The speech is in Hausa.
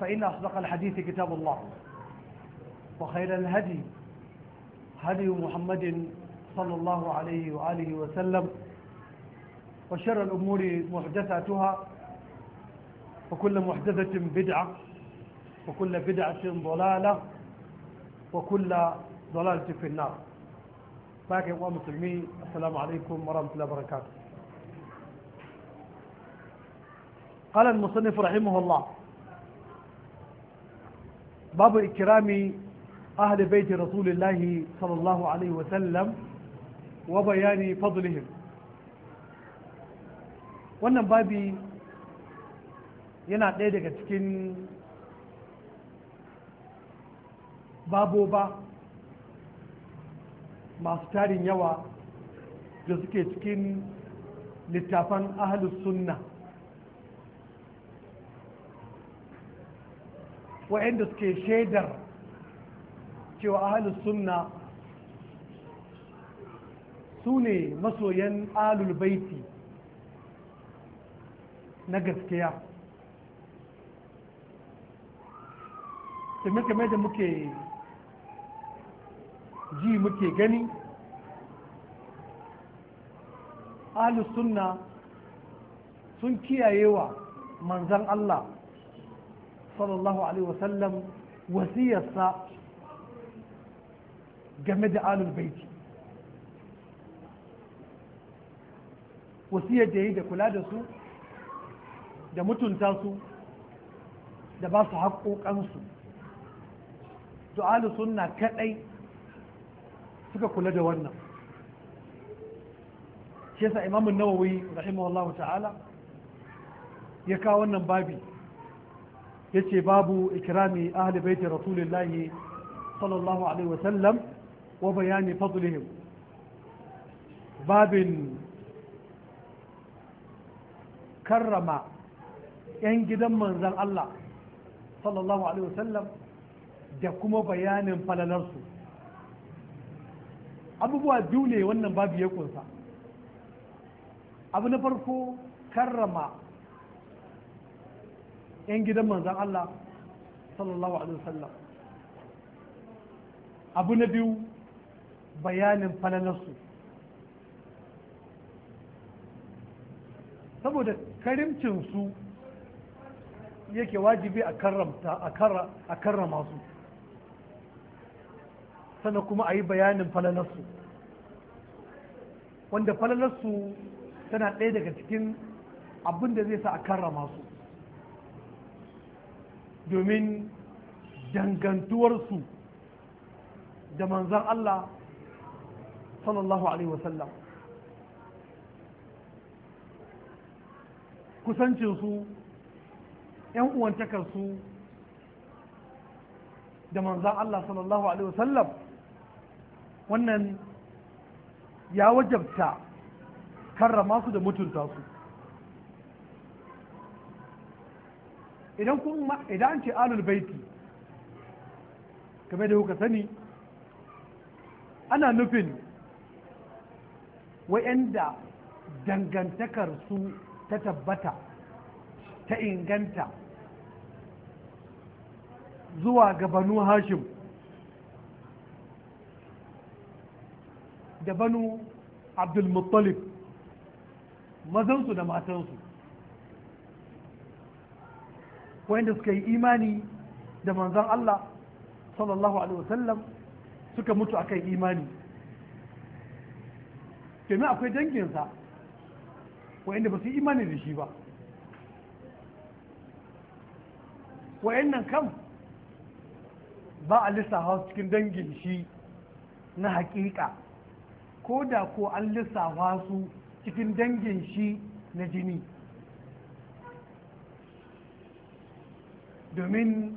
فإن أصدق الحديث كتاب الله وخير الهدي هدي محمد صلى الله عليه وآله وسلم وشر الأمور محدثاتها وكل محدثة بدعة وكل بدعة ضلالة وكل ضلالة في النار باقي ومسلمين السلام عليكم ورحمة الله وبركاته قال المصنف رحمه الله babu ikirami بيت رسول الله sallallahu alaihi عليه wa bayani فضلهم wannan babi yana ɗaya daga cikin baboba masu tarin yawa da suke cikin littafan ahalus sunna Waɗanda suke shaidar cewa ahalus sunna su ne masoyan alul baiti na gaskiya tumi kamar da muke ji muke gani ahalus sunna sun kiyayewa manzan Allah sallallahu alaihi wasallam wasiyarsa game da alul baiti wasiyar da yi da kula da su da mutunta su da ba su haƙoƙansu du'alu sunna kaɗai suka kula da wannan shi yasa imamun nawawi rahimahullahu ta'ala ya kawo wannan babi yace babu ikrami ahli baiti rasulillahi sallallahu alaihi wasallam wa bayani fadlihim babin karrama 'yan gidan manzan Allah sallallahu alaihi wasallam da kuma bayanin falalarsu abubuwa biyu ne wannan babu ya kunsa abu na farko karrama 'yan gidan manzan Allah sallallahu alaihi wasallam abu na biyu bayanin falalarsu saboda karimcinsu yake wajibi a karrama su sannan kuma a yi bayanin falalarsu wanda falalarsu tana ɗaya daga cikin abin da zai sa a karrama su domin dangantuwarsu da manzan Allah sallallahu alaihi wasallam kusancinsu ‘yan uwantakarsu da manzan Allah sallallahu alaihi wasallam wannan ya wajabta karrama su da mutunta su idan kuma idan an ce alul baiti game da kuka sani ana nufin wa'anda dangantakar su ta tabbata ta inganta zuwa ga banu hashim da banu abdulmuttalib mazansu da matansu wanda suka yi imani da manzan Allah sallallahu alaihi wasallam suka mutu a kan imani domin akwai danginsa wanda ba su yi imani da shi ba nan kam ba a lissafa cikin dangin shi na hakika ko da ko an lissafa su cikin dangin shi na jini domin